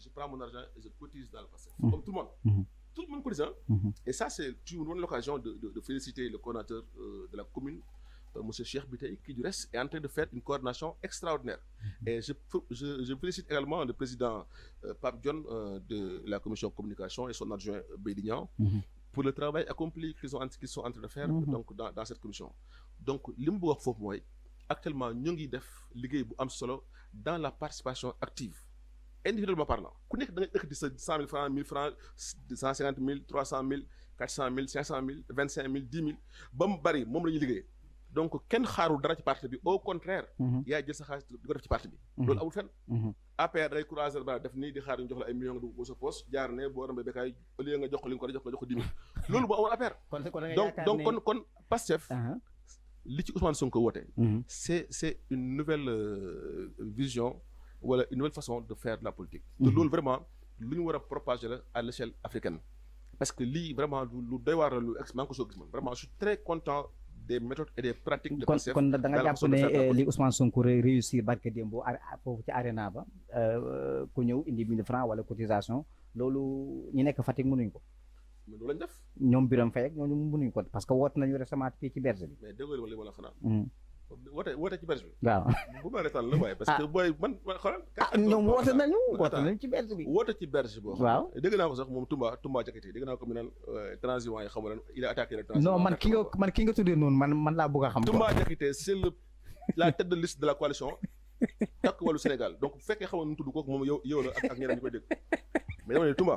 je prends mon argent et je cotise dans le comme tout le monde tout le monde connaît mhm. Et ça, c'est une nous l'occasion de, féliciter le coordinateur euh, de la commune, euh, monsieur M. Cheikh Bité, qui du reste est en train de faire une coordination extraordinaire. Mhm. Et je, je, félicite également le président euh, Pape John de la commission communication et son adjoint Bédignan. Mhm. pour le travail accompli qu'ils sont, sont en train de faire donc, dans, cette commission. Donc, l'imbo actuellement, nous avons fait un dans la participation active individuellement parlant. Ku nek da nga ëkk 100 000 francs, 1 000 francs, 150 000, 300 000, 400 000, 500 000, 25 000, 10 000, bam bari mom lañu liggéey. Donc ken xaarul dara ci parti bi, au contraire, mhm. ya jël a xaalis di ko def ci parti bi. Mhm. Loolu amul fen. Mhm. APR day croiser bala def millions de sa poste jaar des choses rambe bekkay au lieu nga jox ko li faire. ko jox donc donc kon kon Pastef. Ah ah. li est une nouvelle euh, vision wala une nouvelle façon de faire de la politique. te mhm. loolu vraiment lu ñu propager à l'échelle africaine. parce que li vraiment lu doy waar la lu ex vraiment je suis très content des méthodes et des pratiques. de Pastef kon kon da nga jàpp ne euh, li Ousmane Sonko réussir barke démb foofu ci arena ba euh, ku ñëw indi 1000 francs wala cotisation loolu ñi nekk Fatick mënuñ ko. mais loolu lañ def. ñoom Birame Faye ak mënuñ ko parce que woote nañu récemment fii ci berge bi. mais déglu li ma la woote woote ci berge bi. waaw bu ma retal la waaye parce que ah. booy man xoolal. ah ñoom woote nañu woote nañu ci berge bi. woote ci berge boo xam dégg naa ko sax moom Tumba Tumba Jakite dégg naa ko mu naan euh, transhumant yi xamu a attaqué. man ki nga man ki nga tuddee noonu man laa bëgg a xam. Tumba Jakite c'est le la tête de liste de la coalition takk wàllu Sénégal donc bu fekkee xamoon nu tudd kooku moom yow yow la ak ñeneen ñu koy dégg mais dama Tumba.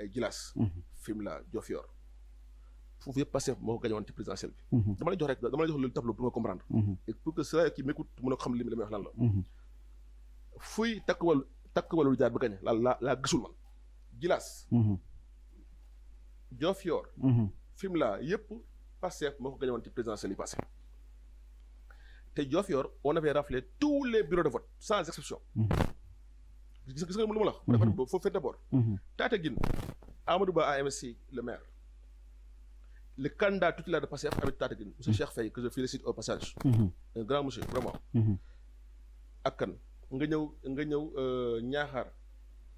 ay gilas mhm. Fimela Diofior. foofu yëpp passer moo ko gañe woon ci présidentielle bi. Mhm. dama lay jox rek dama jox le tableau pour comprendre. Mhm. et pour que ceux qui m'écoutent je vais vous li le wax lan la. fuy takk wàllu takk wàllu jaar ba gañe la la laa man Djilass. Diofior. Fimela yëpp Pastef moo ko gañe woon présidentielle Diofior on avait raflé tous les bureaux de vote sans exception gis nga lu la wax. Mhm. faut faire d'abord. Mhm. Tategin, Amadou Ba AMC le maire. le candidat titulaire de Pastef avec Tataguine monsieur mhm. Cheikh Faye que je félicite au passage. un grand monsieur vraiment. ak kan nga ñëw nga ñëw ñaaxaar euh,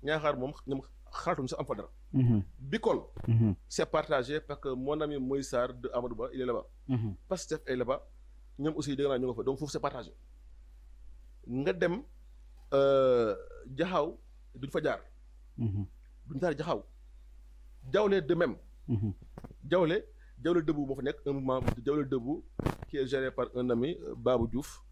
ñaaxaar moom ñoom xalaatuñu sax am fa dara. Bicol. c'est partagé parce que mon ami Moïse de Amadou Ba il est là-bas. Pastef est là-bas ñoom aussi dégg naa ñu donc foofu c'est partagé nga dem. Euh, jaxaw duñ fa jaar. Mm-hmm. duñ jaar jaxaw. jawle de même. Mm-hmm. jawle jawle debout moo fa nekk un mouvement jawle debout qui est géré par un ami euh, Babou Diouf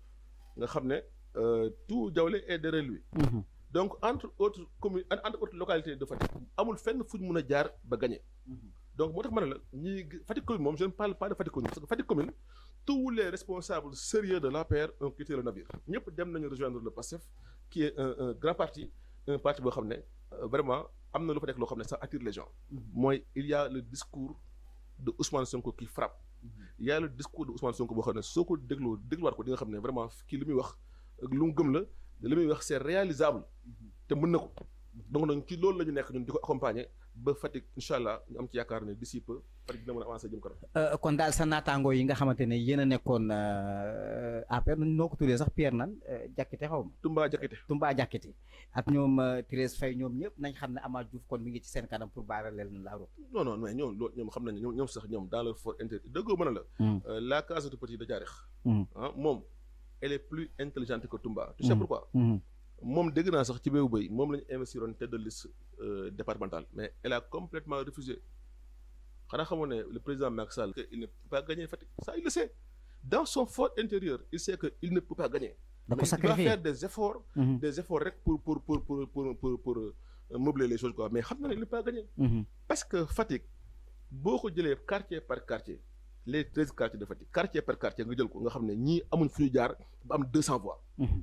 nga xam ne euh, tout jawle est derrière lui. Mm-hmm. donc entre autres communes entre autres localité de Fatick amul fenn fu ñu mun a jaar ba gagné. donc moo tax ma ne la ñii Fatick commune moom je ne parle pas commune parce que Fatick commune. tous les responsables sérieux de l'APR ont quitté le navire Nous dem nañu rejoindre le PASTEF qui est un grand parti un parti qui euh, vraiment lu attire les gens. Moi, il y a le discours de Ousmane Sonko qui frappe. il y a le discours de Ousmane Sonko qui frappe. que qui est réalisable, vraiment c'est réalisable te donc nous ci ba Fatick incha allah ñu am ci yaakaar ne d'ici peu Fatick dina mën a avancer jëm kanam. Euh, kon daal sa naataangoo yi nga xamante ne yéen a nekkoon euh, APR noo ko tuddee sax Pierre nan euh, Diakité xaw ma. Tumba Diakité Tumba Diakité. ak ñoom Thérèse Faye ñoom ñëpp nañ xam ne Amath Diouf kon mi ngi ci seen kanam pour baaraleel na la route. non non mais ñoom xam nañ ñoom sax ñoom dans leur fort intérêt dëggoo mën a la. Hmm. la case de petit de Diarikh. Hmm. Ah, moom elle plus intelligente que Tumba. tu hmm. mom dégg naa sax ci beu beuy mom la ñu tête de liste euh, départementale mais elle a complètement refusé xana xamone le président Macky Sall. il ne peut pas gagner ça il le sait dans son fort intérieur il sait que il ne peut pas gagner. il va faire des efforts. Mhm. des efforts pour pour pour pour pour pour pour euh, meubler les choses quoi mais il ne peut pas gagner. Mhm. parce que Fatik beaucoup de quartiers quartier par quartier les 13 quartiers de Fatik, quartier par quartier nga jël ko nga ñi amuñ jaar am deux voix. Mhm.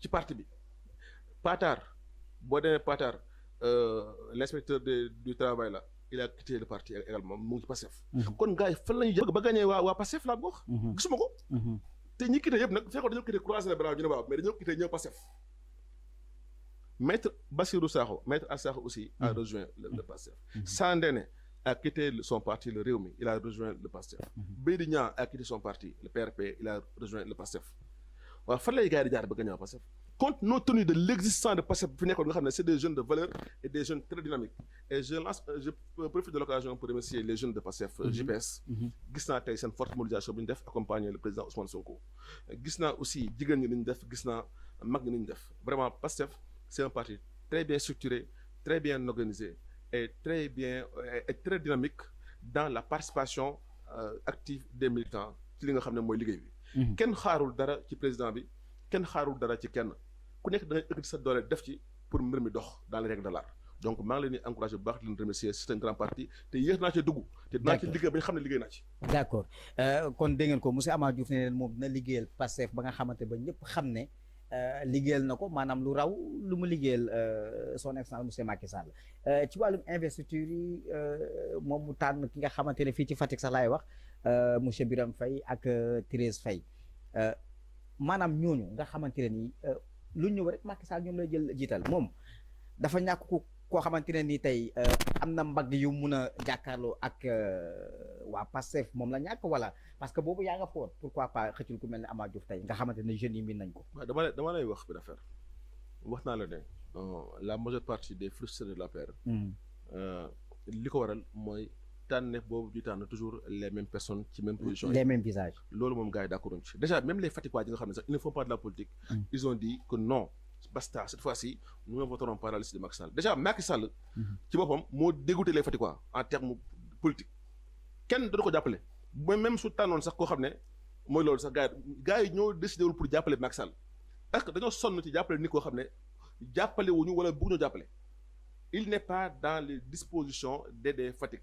ci parti bi Patar boo demee Patar euh, l'inspecteur de du travail la il a quitté le parti également mu ngi ci mhm. kon gars yi fan la ñuy jël ba gagné waa waa Pastef laa bëgg mhm. gisuma ko. Mhm. te ñi quitté yëpp nag fekkoon dañoo quitté croisé les bras ñu ne waaw mais dañoo quitté ñëw Pastef. maître Bassirou Sakho maître Assakho aussi a rejoint le Pastef. Sandéné a quitté son parti le Rewmi il a rejoint le Pastef. Bédi Niang a quitté son parti le PRP il a rejoint le Pastef. Il fan gars gens di jaar compte non tenu de l'existence de PASSEF, c'est des jeunes de valeur et des jeunes très dynamiques et je lance euh, je euh, profite de l'occasion pour remercier les jeunes de PASSEF, GPS euh, mhm. mhm. Gisna, naa forte mobilisation bi le président Ousmane Soko. Gisna aussi jigéen Nindef, Gisna mag vraiment PASSEF, c'est un parti très bien structuré très bien organisé et très bien très dynamique dans la participation active des militants C'est ce nga Mhm. kenn xaarul dara ci président bi kenn xaarul dara ci kenn ku nekk da ngay sa doole def ci pour mbir mi dox dans les règles de l'art donc maa ngi leen di bu baax di leen remercier c'est un grand parti te yéex naa ci dugg te dinaa ci liggéey ba ñu xam ne liggéey naa ci d'accord euh, kon dégg ngeen ko monsieur Amath Diouf ne leen moom dina liggéeyal Pastef ba nga xamante ba ñëpp xam ne euh, liggéeyal na ko maanaam lu raw lu mu liggéeyal euh, son excellence monsieur Macky Sall ci wàllum investiture yi moom mu tànn ki nga xamante ne fii ci Fatick sax laay wax Euh, monsieur Birame Faye ak euh, Thérèse Faye euh, maanaam ñooñu nga xamante ne nii lu ñëw rek Macky Sall ñoom lay jël jiital moom dafa ñàkk ku koo xamante ne nii tey am na mbagg yu mun a jàkkaarloo ak waa Pastef moom la ñàkk wala parce que boobu yaa nga foot pourquoi pas xëccul ku mel ni amaa Diouf tey nga xamante ne jeunes yi miin nañ ko. waaw dama lay dama lay wax bi affaire wax naa la ne la majeure partie des frustrés de l'APR. Hmm. li ko waral mooy. tànneef bobu toujours les mêmes personnes qui même les mêmes visages l'homme mom gars yi d'accord déjà même les Fatigués nga ne ils ne font pas de la politique hmm. ils ont dit que non basta cette fois-ci nous ne voterons pas la liste de Macky Sall déjà Macky Sall hmm. ci mo dégoûté les Fatigués en termes politiques ken do ko jàppale même su tànnoon sax ko xamné moy mooy sax gars yi gars yi ñoo décidé wul pour appeler Macky Sall parce que dañoo sonn ci jàppale ni ko xamné ne wuñu wala bëgg il n'est pas dans les dispositions des Fatigués.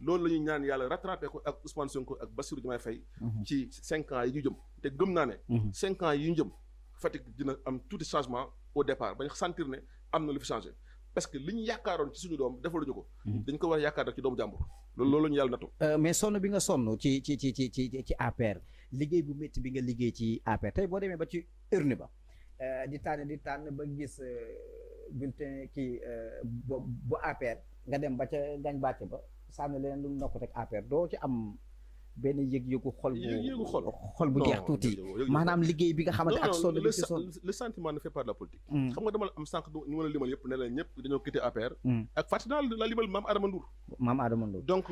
loolu la ñuy ñaan yàlla rattrapé ko ak Ousmane Sonko ak Bassirou Diomaye Faye mhm. ci cinq ans yi ñu jëm te gëm naa ne mhm. cinq ans yi ñu jëm Fatick dina am tuuti changement au départ bañ sentir ne am na lu fi changé parce que li ñu yaakaaroon ci suñu doom defaluñu ko mhm. dañ ko war a yaakaar ci doomu jàmbur loolu loolu la ñu yàlla nattu euh, mais sonn bi nga sonn ci ci ci ci ci ci APR liggéey bu métti bi nga liggéey ci APR tey boo demee ba ci urne ba euh, di tànn di tànn ba gis euh, bulletin kii bu APR nga dem ba ca ngañ bàcc ba sànni leneen lu nokk rek APR doo ci am benn yëg-yëgu xol bu yëg-yëgu xol xol bu jeex tuuti maanaam liggéey bi nga xamante ak sonn bi ci sonn le sentiment ne fait pas la politique mm. xam nga dama am sànq ñu mën a limal yëpp ne la dañoo quitté APR mm. ak fàttali naa la limal Mame Adama Ndour Mame Adama Ndour donc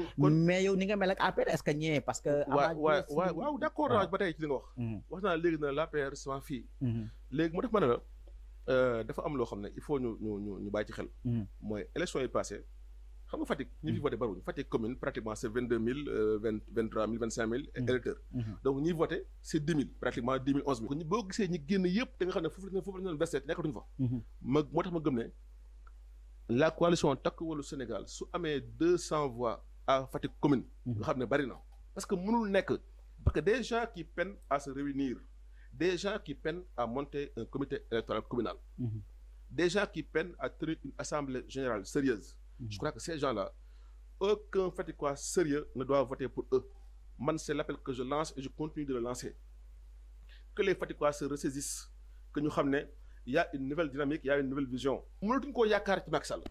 mais yow ni nga mel ak APR est-ce que ñee parce que waaw waaw waaw nga wax mm-hmm. wax naa léegi na l'APR sama fii mm-hmm. léegi mu def ma ne la euh, dafa loo xam ne il faut ñu ñu ñu ñu Nous, électeurs. Fatick ñi mm. voté commune pratiquement c'est 22 000, 23 000, électeurs mm-hmm. donc nous voté c'est pratiquement 2011. la mm-hmm. la coalition Sénégal su voix à Fatick commune mm-hmm. nga parce que mënul avez parce que des gens qui peinent à se réunir des gens qui peinent à monter un comité électoral communal des gens qui peinent à tenir une assemblée générale sérieuse je mm. crois que ces gens-là, aucun fait sérieux ne doit voter pour eux. Man, c'est l'appel que je lance et je continue de le lancer. Que les fatigues se ressaisissent, que nous savons il y a une nouvelle dynamique, il y a une nouvelle vision. Mënatuñ ko yaakaar ci Macky Sall.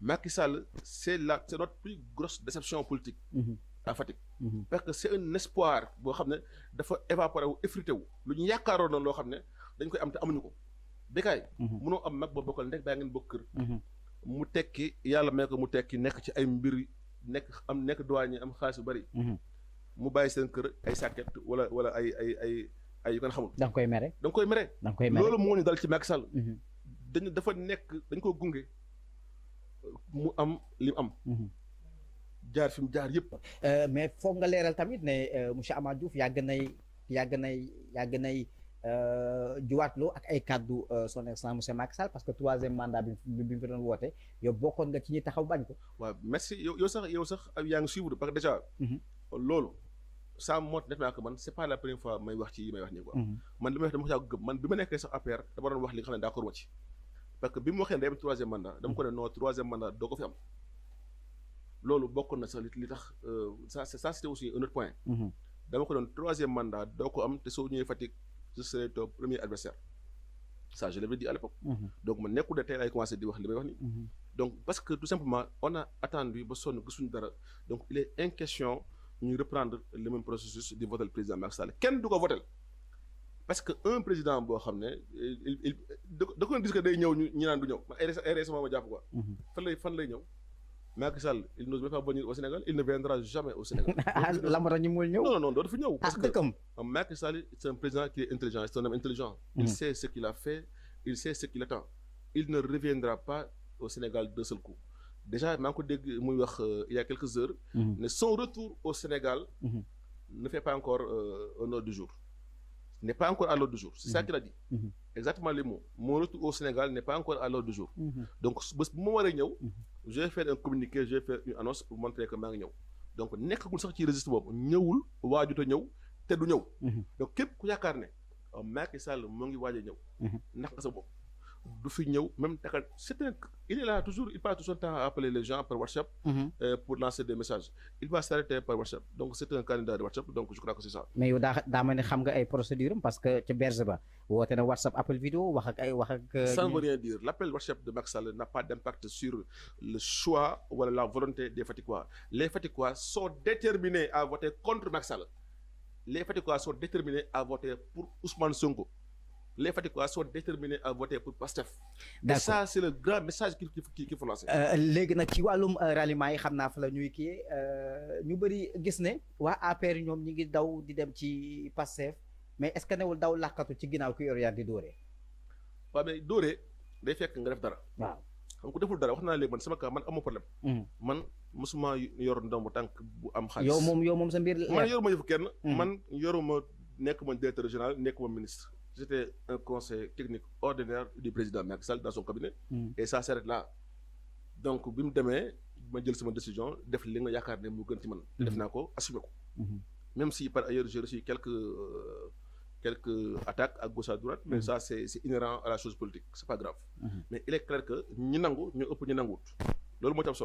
Macky c'est notre plus grosse déception politique. Mhm. à mhm. parce que c'est un espoir il faut évaporer, dafa effriter. wu effrité lu ñu yaakaaroon Bécaye mhm. munoo am mag boo bokkal ndek baa ngeen bokk kër mhm. mu tekki yàlla may ko mu tekki nekk ci ay mbir nekk am nekk douanier am xaalis bu bari mhm. mu bàyyi seen kër ay sàkket wala wala ay ay ay ay yu ngeen xamul koy mere da koy mere da nga koy mere loolu moo ñu dal ci Macky Sall dañu dafa nekk dañ koo gunge mu am li mu am jaar fi jaar yëpp euh, mais foog nga leeral tamit ne euh, monsieur Amath Diouf yàgg nay yàgg nay yàgg nay Euh, juwaatloo ak ay kàddu euh, son excellence monsieur Macky Sall parce que troisième mandat bi bi mu fi doon woote yow bokkoon nga ci ñi taxaw bañ ko. waaw merci yow sax yow sax yaa ngi suivre parce que déjà. Mhm. loolu ça montre nettement que mhm. dama ko bi ma nekkee sax APR dama doon wax li nga ne d'accord ma ci. doo ko fi am. loolu bokkoon na sax li li tax euh, ça ça c'était aussi un autre point. Mhm. dama ko doon troisième mandat doo ko am te soo ñëwee Fatick. je serai ton premier adversaire ça je l'avais dit à l'époque mhm. donc mon nekkul de a commencé di wax wax mhm. donc parce que tout simplement on a attendu donc il est question de reprendre le même processus de voter le président Macky ken kenn du ko voter parce que un président il ne peut pas dire que day un ñu ñu du ñëw man ay récemment ma jàpp quoi mhm. fan lay Macky Sall il n'ose même pas venir au Sénégal il ne viendra jamais au Sénégal. Ah, lambara non non d'autres fi ah, parce que ah, Macky Sall c'est un président qui est intelligent c'est un homme intelligent. il mm-hmm. sait ce qu'il a fait il sait ce qu'il attend il ne reviendra pas au Sénégal d'un seul coup déjà euh, il y a quelques heures. Mm-hmm. son retour au Sénégal. Mm-hmm. ne fait pas encore euh, honneur du jour n'est pas encore à l'ordre du jour. C'est ça mhm. qu'il a dit. Mhm. Exactement les mots. Mon retour au Sénégal n'est pas encore à l'ordre du jour. Mhm. Donc, moi, je vais faire un communiqué, je vais faire une annonce pour montrer que je suis donc nekkagul sax qui registre résistance. Il n'y a ñëw te du ñëw. donc qui ku yaakaar ne n'y a pas ngi waaj Il n'y a pas sa bopp même il est là toujours il passe tout son temps à appeler les gens par WhatsApp. Mhm. Euh, pour lancer des messages il va s'arrêter par WhatsApp donc c'est un candidat de WhatsApp donc je crois que c'est ça. mais il y a des procédures parce que tu es ba tu na WhatsApp appel vidéo wax ak ay ça ne veut rien dire l'appel WhatsApp de Macky n'a pas d'impact sur le choix ou la volonté des Faticois les Faticois sont déterminés à voter contre Macky les Faticois sont déterminés à voter pour Ousmane Sonko. les Faticois sont déterminés à voter pour PASTEF. d'accord et euh, léegi nag ci wàllum euh, ralliement yi xam naa fa la ñuy kii euh, ñu bëri gis ne waa yi ñoom ñi ngi daw di dem ci PASTEF mais est-ce que newul daw làkkatu ci ginnaaw ki yor yaa di dóoree. waaw mais dóoree day fekk nga def dara. waaw xam nga ku deful dara wax naa léegi man sama cas man amoo problème. Mm. man mosuma yor ndomb tànk bu am. xaalis yow moom yow moom sa mbir. man yoruma yëfu kenn. Mm. man yoruma nekk ma directeur général nekk ma ministre. C'était un conseil technique ordinaire du président Macky dans son cabinet. Hmm. et ça s'arrête là. donc je me demee ma jël sama décision def li nga yaakaar ne mu gën ci man. Hmm. def de ko. Hmm. même si par ailleurs j'ai reçu quelques euh, quelques attaques à gauche à droite. mais ça c'est inhérent à la chose politique Ce n'est pas grave. mais il est clair que nous sommes ñoo ëpp ñi C'est ce que je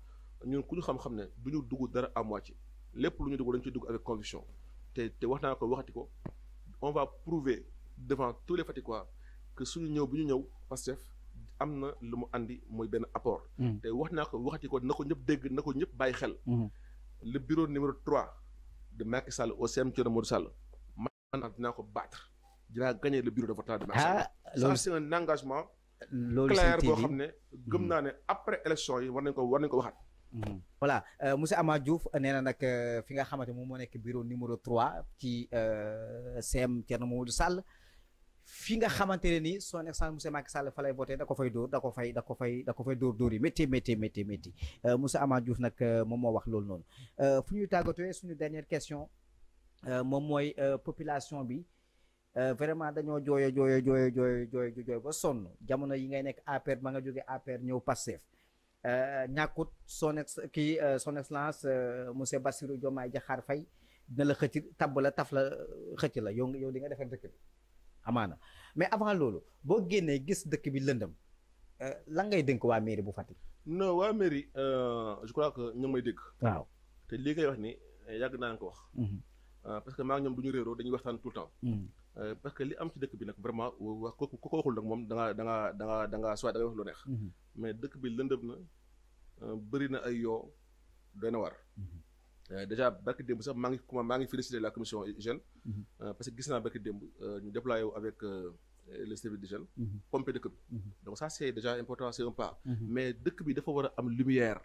ñun ku ñu xam-xam ne du ñu dugg dara à moitié lépp lu ñu dugg dañ ci dugg avec conviction te te wax naa ko waxati ko on va prouver devant tous les Faticois que suñu ñëw bu ñu ñëw Pastef am na lu mu andi mooy benn apport. Mm. te wax naa ko waxati ko na ko ñëpp dégg na ko ñëpp bàyyi xel. Mm. le bureau numéro 3 de Macky Sall au CM Thierno Modou Sall man dinaa ko battre dinaa gagner le bureau de vote de Macky Sall. Ah, ça c'est un engagement. clair boo xam ne gëm mm. naa ne après élection yi war nañ ko war nañ ko waxat. Mhm. voilà euh, monsieur Ama Diouf euh, nee na nag euh, fi nga xamante moom moo nekk bureau numéro trois ci CM Thierno Mamadou Sall fi nga xamante ne ni son excellence monsieur Macky Sall fa lay voté da ko fay dóor da ko fay da ko fay da ko fay dóor dóor yi métti métti métti métti monsieur Ama Diouf nag moom moo wax loolu noonu fu ñuy tàggatoo suñu dernière question moom mooy population bi vraiment dañoo jooyo jooyo jooyo jooyo jooyo jooyo ba sonn jamono yi ngay nekk APR ma nga jóge APR ñëw Pastef Euh, ñàkkut son ex kii euh, son excellence euh, monsieur Bassirou Diomaye Diakhar Faye dina la xëcc tabb la taf la xëcc la yow yow di nga defar dëkk bi amaana mais avant loolu boo génnee gis dëkk bi lëndëm lan ngay dénk waa mairie bu Fatick. non waa mairie je crois que ñoom may dégg. waaw te lii ngay wax ni yàgg naa ko wax. Mhm. parce que maa ngi ñoom du ñu réeroo dañuy waxtaan tout temps. Mhm. Euh, parce que li am ci dëkk bi nag vraiment wax ko ku ko waxul nag moom da ngaa da ngaa da ngaa da ngaa soit da wax lu neex. Mhm. mais dëkk bi lëndëm na euh, bëri na ay yoo doy na war. Mhm. Euh, déjà barki démb sax maa ngi comment maa ngi féliciter la commission jeune. Mhm. parce que gis naa barki démb ñu déployé wu avec le service de jeunes. pompé dëkk bi. donc ça c'est mais dëkk bi dafa war a am lumière.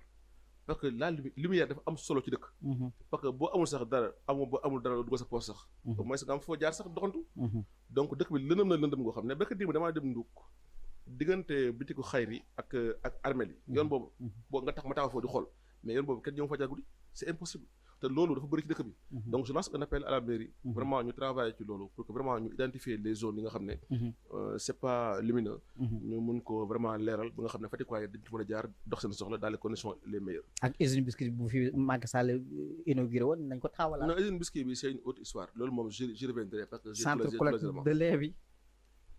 parce que la lumière dafa am solo ci dëkk. Mhm. parce que boo amul sax dara amoo boo amul dara dugg sa poche sax. Mhm. au moins nga am foo jaar sax doxantu. Mhm. donc dëkk bi lëndëm na lëndëm goo xam ne béykat yi damaa dem nduk diggante bitiku xayri ak ak armel yi. yoon boobu. boo nga tax ma taxaw foofu di xool mais yoon boobu kenn ñoo fa jaar guddi c'est impossible. te loolu dafa bëri ci dëkk bi. Mhm. donc je lance un appel à la mairie. Mhm. vraiment ñu travailler ci loolu pour que vraiment ñu identifier les zones yi nga xam ne. Mhm. Euh, c'est pas lumineux. ñu mun ko vraiment leeral ba nga xam ne Fatick waaye dañ ci mën a jaar dox seen soxla dans les conditions les meilleures. ak usine biscuit bu fi Macky Sall euh, inauguré woon nañ ko taxawalaat. non usine biscuit bi c'est une autre histoire loolu moom je je reviendrai parce que. centre collecte de lait bi.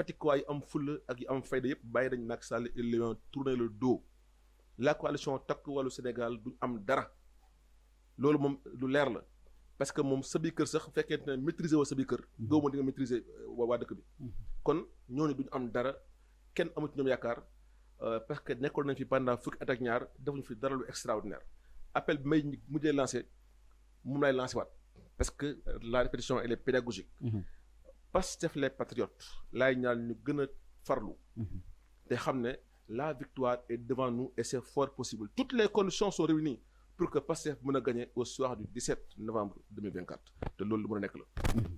Fatick waa am ful ak am fayda yëpp bàyyi dañ Macky Sall et Léon tourner le dos la coalition tak wàllu Sénégal du am dara lolou mom lu leer la parce que mom sabi keur sax fekkente ne maîtriser wa sabi keur kër mhm. gëw di nga maîtriser euh, wa wa dëkk bi mhm. kon ñoni duñu am dara kenn amut ñom yakar euh, parce que nekkoon nañ fi pendant fuk at ak ñaar defuñ fi dara lu extraordinaire appel bi may mujjee lancer mom lay lancer wat parce que euh, la répétition elle est pédagogique mhm. Pastef les patriotes il ñaan ñu gën farlu mhm. la victoire est devant nous et c'est fort possible toutes les conditions sont réunies pour que Pastef puisse gagner au soir du 17 novembre 2024 te loolu mhm.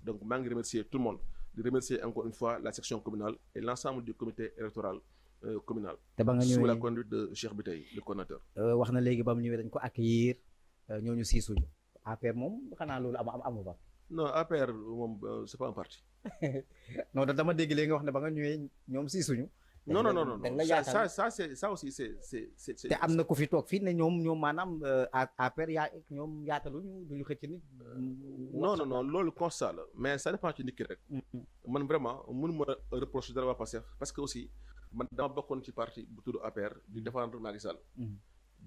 donc je remercie remercier tout le monde di remercier encore une fois la section communale et l'ensemble du comité électoral euh, communal sous la conduite de Cheikh Bitaï, le coordonnateur Euh, no APR moom euh, c'est pas un parti. non dama dégg léegi nga wax ne ba nga ñëwee ñoom siisuñu. non non non non ça ça c'est ça aussi am na ku fi toog fii ne ñoom ñoom maanaam euh, APR yaa ñoom yaataluñu duñu xëcc nit. Euh, non non non loolu constat la mais ça dépend ci nit ki rek. man vraiment mënuma reprocher dara waa Pastef parce que aussi man dama bokkoon ci parti bu tudd APR di défendre Macky Sall. Mm-hmm.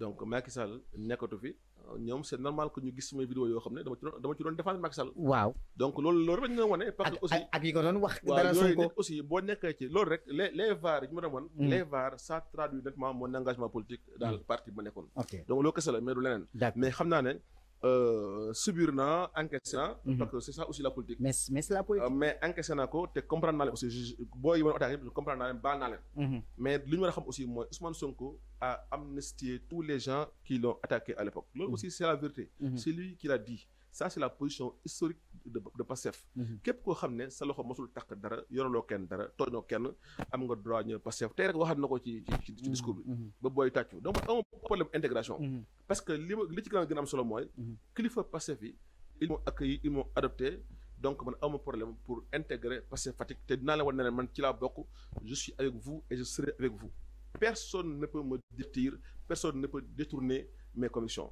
donc Macky Sall nekkatu fi. ñoom c'est normal que ñu gis samay vidéo yoo xam ne dama ci doon dama ci doon défendre waaw donc loolu loolu rek ñu doon wane parce que ak yi ko doon wax dara Sonko aussi boo nekkee ci loolu rek les yi ñu ma doon wan mm. les VAR ça traduit nettement mon engagement politique dans mm. le parti nekkoon donc loolu kese la mais du leneen mais xam naa ne Euh, subirna naa mhm. parce que c'est ça aussi la politique. mais mais tu la politique. Euh, mais encaissé question ko te comprendre mal aussi boy yi ma comprendre naa comprends. mal mhm. mais lui aussi moi Ousmane Sonko a amnistié tous les gens qui l'ont attaqué à l'époque c'est mhm. aussi c'est la vérité. c'est lui qui l'a dit ça c'est la position historique de de passef mhm. képp koo xam ne sa loxo mosul takk dara yoraloo kenn dara tooñoo kenn am nga droit ñëw passef tey rek waxat na ko ci ci ci mhm. discours bi. Mhm. ba booy donc amoo problème intégration. parce que li ma li ci gën a am solo mooy. kilifa passef yi ils m'ont accueilli ils m'ont adopté. donc man am problème pour intégrer PASSEF Fatigue. te dinaa la wan ne man ci laa bokk je suis avec vous et je serai avec vous personne ne peut me détruire personne ne peut détourner mes commissions.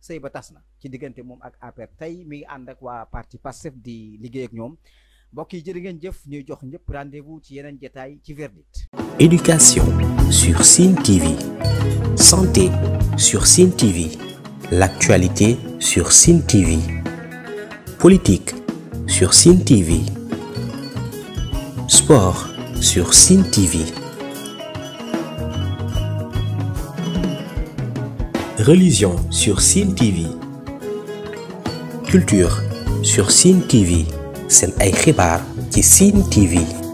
sëy ba tas ci diggante mom ak APR tay mi and ak wa parti Pastef di liggéey ak ñom bokki yi ngeen jëf ñuy jox ñëpp rendez-vous ci yenen jataay ci verdict éducation sur Sine TV santé sur Sine TV l'actualité sur Sine TV politique sur Sine TV sport sur Sine TV Religion sur Sine TV culture sur Sin TV c'est un par TV